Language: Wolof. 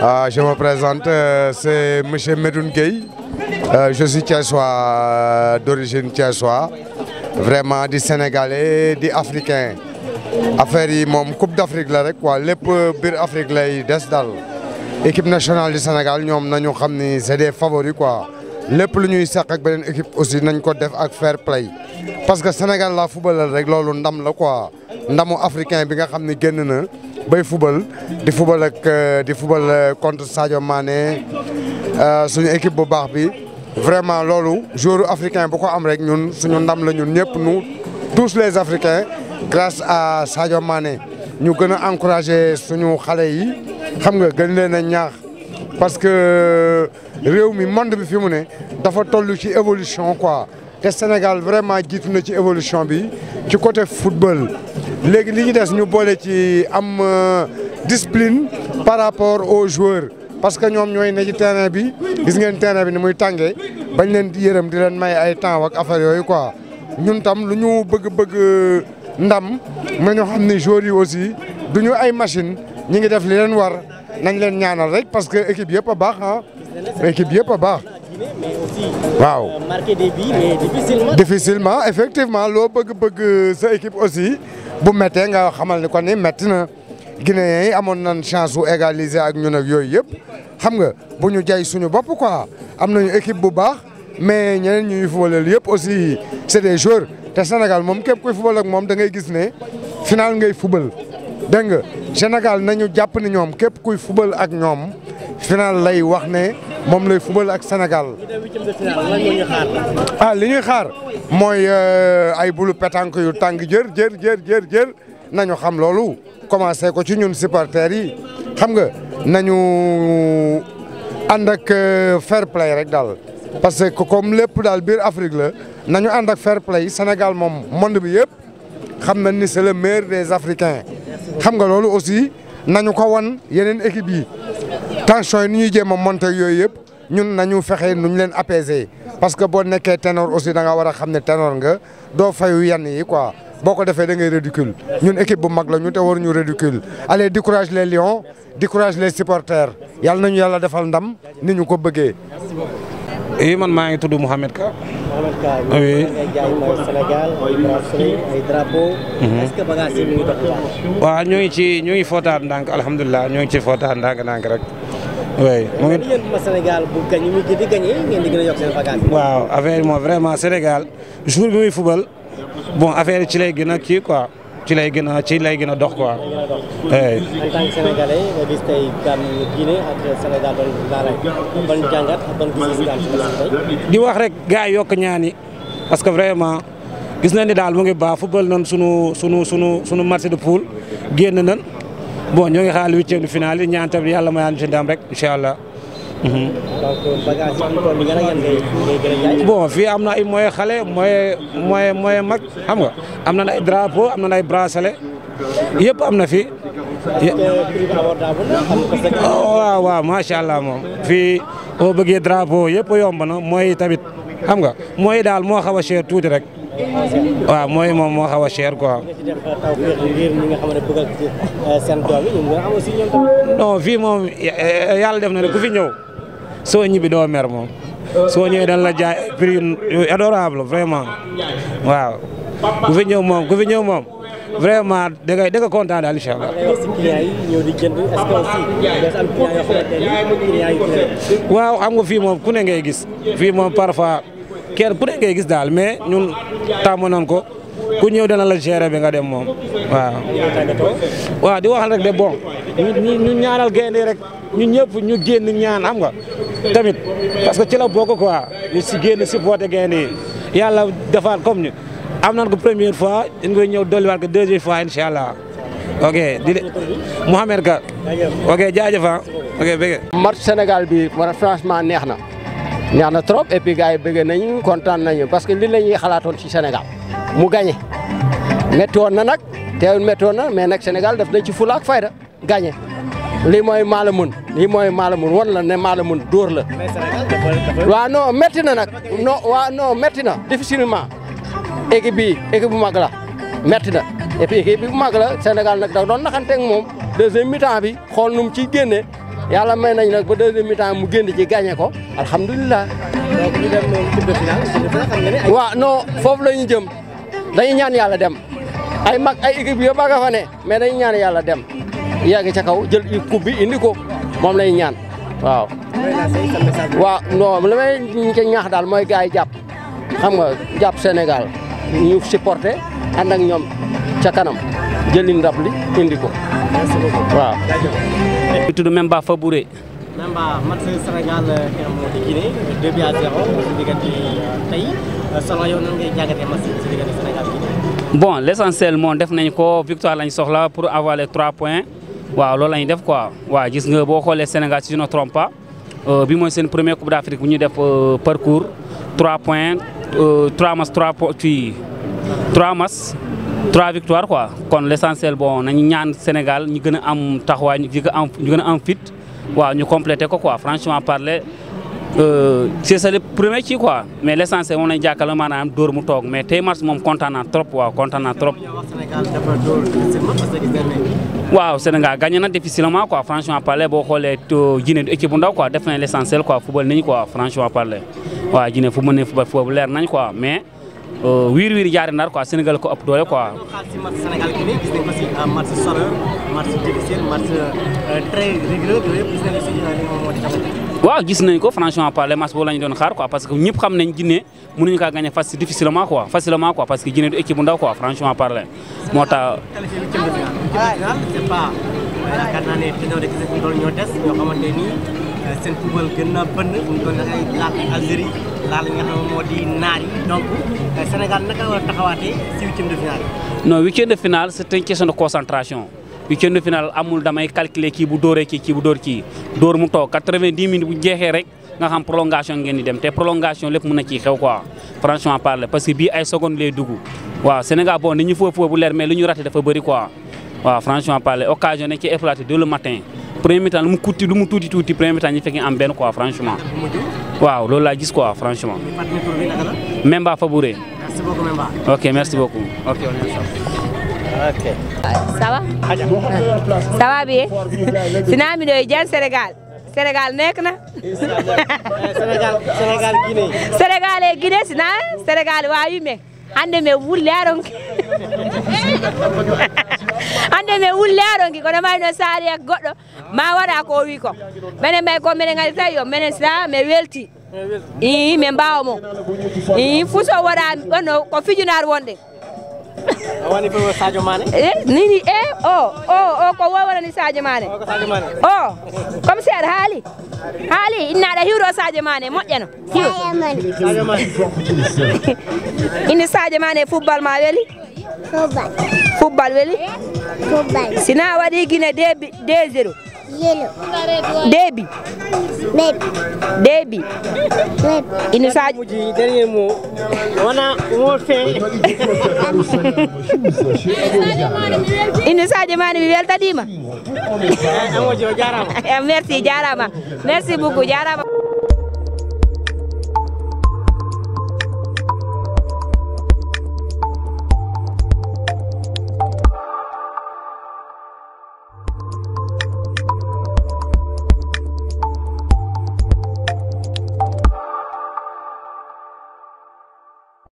Euh, je me présente, euh, c'est M. Medoun Gueye. Euh, je suis Thiessois, euh, d'origine Thiessois. Vraiment, di Sénégalais, di Africain. Affaire yi moom Coupe d'Afrique la rek quoi lépp biir Afrique lay des daal. Équipe nationale du Sénégal ñoom nañu xam ni c'est des favori quoi. lépp lu ñuy sàq ak beneen équipe aussi nañ ko def ak fair play parce que Sénégal la footballal rek loolu ndam la quoi ndamu africain bi nga xam ni génn na. bay fubal di fubal ak euh, di fubal euh, contre Sadio Mané euh, suñu équipe bu baax bi vraiment loolu joueur africain bu ko am rek ñun suñu ndam la ñun ñëpp nous tous les africains grâce à Sadio Mané ñu gën a encourager suñu xale yi xam nga gën leen a ñaax parce que réew mi monde bi fi mu ne dafa toll ci évolution quoi te Sénégal vraiment jiitu na ci évolution bi ci côté football léegi li ñu des ñu boole ci am euh, discipline par rapport au joueurs parce que ñoom ñooy ne ci terrain bi gis ngeen terrain bi ni muy tàngee bañ leen di yërëm di leen may ay temps ak affaire yooyu quoi ñun tam lu ñu bëgg-bëgg euh, ndam ma xam ni joueurs yi aussi du ñu ay machine ñi ngi def li leen war nañ leen ñaanal rek parce que équipe yëpp a baax ah équipe yëpp a baax waaw difficilement effectivement loo bëgg-bëgg euh, sa équipe aussi bu méttee nga xamal ni kon ni métti na Guinéens yi amoon nañ chance wu égaliser ak ñu ak yooyu yëpp xam nga bu ñu jay suñu bopp quoi am nañu équipe bu baax mais ñeneen ñu footballal yëpp aussi c'est des joueurs te Sénégal moom képp kuy football ak moom da ngay gis ne final ngay football dégg nga Sénégal nañu jàpp ni ñoom képp kuy football ak ñoom final lay wax ne moom lay football ak Sénégal. ah li ñuy xaar. mooy euh, ay bulu pétanque yu tàng jër jër jër jër jër nañu xam loolu commencé ko ci ñun supporters yi xam nga nañu ànd ak euh, fair play rek daal parce que comme lépp daal biir Afrique la nañu ànd ak fair play Sénégal moom monde bi yëpp xam na ni c'est le meilleur des Africains xam nga loolu aussi nañu ko wan yeneen équipe yi tension yi ni ñuy jéem a monter yooyu yëpp ñun nañu fexe nu ñu leen apaiser parce que boo nekkee ténor aussi danga war a xam ne ténor nga doo fayu yenn yi quoi boo ko defee da ngay ridicule ñun équipe bu mag la ñu te waruñu ridicule allez décourage les lions décourage les supporters yàlla nañu yàlla defal ndam ni ñu ko bëggee. oui man maa ngi tudd Mouhamed Ka. Mouhamed Ka ñu ngi ci ñoo ngi footaat ndànk alhamdulilah ñoo ngi ci footaat ndànk ndànk rek. oui mu ngi Sénégal waaw affaire moom vraiment Sénégal jour bi muy fubal bon affaire ci lay gën a kii quoi ci lay gën a ci lay gën a dox quoi. oui. di wax rek gars yokk ñaani parce que vraiment. gis nañ ni daal mu ngi baa football nan sunu sunu sunu sunu match de poul génn nan bon ñoo xaal xaar huitième de finale yi ñaan tamit yàlla mayaan si ndam rek incha allah. Mhm. bon fii am na ay moyen xale moyen moyen moyen mag xam nga am na ay drapeau am na ay bracelet yëpp am na fi. Oh, waaw waaw allah moom fii boo bëggee drapeau yëpp yomb na mooy tamit xam nga mooy daal moo xaw a cher tuuti rek. waaw mooy moom moo xaw a cher quoi. non fii moom yàlla def na ne ku fi ñëw soo ñibbi doo moom soo ñëwee dan la jaay prix adorable vraiment waaw ku ñëw moom ku ñëw moom. vraiment da ngay da nga kontaan daal incha waaw xam nga fii moom ku ngay gis fii moom parfois. kenn ku ne ngay gis daal mais ñun tàmm nañ ko ku ñëw dana la gérer bi nga dem moom waaw. di wax rek de bon ñu ñaanal gaynde rek ñu ñëpp ñu génn ñaan am nga tamit parce que ci la bokk quoi ñu si génn supporter gaynde yi yàlla defaal comme ñu am nañ ko première fois dañ koy ñëw dolliwaat ko deuxième fois incha allah ok di Mouhamed Ka ok jaajëf ah ok bëgg. bi war a franchement neex na. neex na trop et puis gars nañ bëgg nañu kontaan nañu parce que li la ñuy xalaatoon ci Sénégal mu gagné métti woon na nag teewul métti woon na mais nag Sénégal def nañ ci fula ak fayda gagné lii mooy maala mun lii mooy maala mun won la ne maala mun dóor la. waa non métti na nag non waaw non na difficilement équipe bi équipe bu mag la métti na et puis équipe bu mag la Sénégal nag da doon naxanteeg moom deuxième mi-temps bi xool nu mu ciy yàlla ma nañ nag ba deuxième mi-temps mu génn ci gagné ko alhamdulilah. donc ñu waaw non foofu lañu jëm dañu ñaan yàlla dem ay mag ay équipe yëpp a nga fa ne mais dañu ñaan yàlla dem yàgg ca kaw jël coupe bi moom lañu ñaan waaw. waaw la li may ñaax daal mooy gars yi jàpp xam nga jàpp Sénégal ñu supporté ànd ak ñoom. ca kanam jëli ndab li indi ko waaw. ñu tudd Memba Fabouré. Memba match Sénégal euh, di Guinée 2 bi à 0 ci diggante tey euh, selon yow nan ngay jàngatee match bi ci diggante Sénégal Guinée. bon l' essentiel moom def nañ ko victoire lañ soxla pour avoir les 3 points waaw loolu lañ def quoi waaw gis nga boo xoolee Sénégal si je ne euh, bi mooy seen premier coupe d' Afrique bu ñu def parcours 3 points 3 matchs 3 points 3 matchs. trois victoires quoi kon l' essentiel nañu ñaan Sénégal ñu gën a am taxawaay ñu gën a am ñu gën a am fit waaw ñu complété ko quoi franchement parler euh, c' est ça premier ci quoi mais l' essentiel moom lañu jàkkaarloo maanaam door mu toog mais tey match moom kontaan naa trop waaw kontaan naa trop. waaw Sénégal gagné na difficilement quoi franchement parler boo xoolee euh, Guinée du équipe bu ndaw quoi def nañ l' essentiel quoi football nañ quoi franchement parler waaw Guinée fu mu ne football foofu leer nañ quoi mais. Euh, wiir wiir jaari naar quoi Sénégal ko ëpp doole quoi. Sénégal gi ko si waaw gis nañ ko franchement parler match boobu la xaar quoi parce que ñëpp xam nañ Guinée mënuñu kaa gagné facile difficilement quoi facilement quoi parce que Guinée du équipe bu ndaw quoi franchement parler moo ta seen football gën na bënn bu ñu ko dangay laal Algérie laal li nga xam moo euh, a taxawaatee si huitième de finale non huitième de finale c'est une question de amul damay calculer kii bu dóoree ci ci bu dóor ci door mu toog quatre-vingt-dix minutes bu jeexee rek nga xam prolongation ngeen di dem te prolongation lépp mu na ciy xew quoi franchement parler parce que bii ay secondes lay dugg waaw Sénégal bon ni ñu foofu bu leer mais lu ñu raté dafa bëri quoi waaw franchement parler occasion ne matin premier mi-temps lu mu tuuti tuuti premier mi-temps ñu fekk am benn quoi franchement. waaw loolu laa gis quoi franchement. Memba Fabouré. ok merci beaucoup. ok on est ok. ça va. mi doy jël Sénégal. Sénégal nekk na. Sénégal Guinée. Sénégal et Guinée Sina Sénégal waa me hande me wul yaron hannde min wulle aɗon ki kono mayno saari ak goɗɗo ma waɗa ko o wi ko minen may ko minen kadi tawi yo minen sa mi welti ii min mbawa mo ii fuso waɗa ɗonno ko fijunare wonde woni fof sadio mané eh, nini e eh, o o o ko wowarani sadio mané o comme seeɗa haali haali innaɗa hiwro sadio mané moƴƴano hiw ine sadio mané football ma weeli Football. Football weli? Football. Sina waɗi Guinée debi deux zéro. Yelo. Debi. Debi. Debi. Debi. Ina sa muji dernier mot. Wana mo fe. Ina sa de mani bi eh, Merci jarama. Merci beaucoup jarama.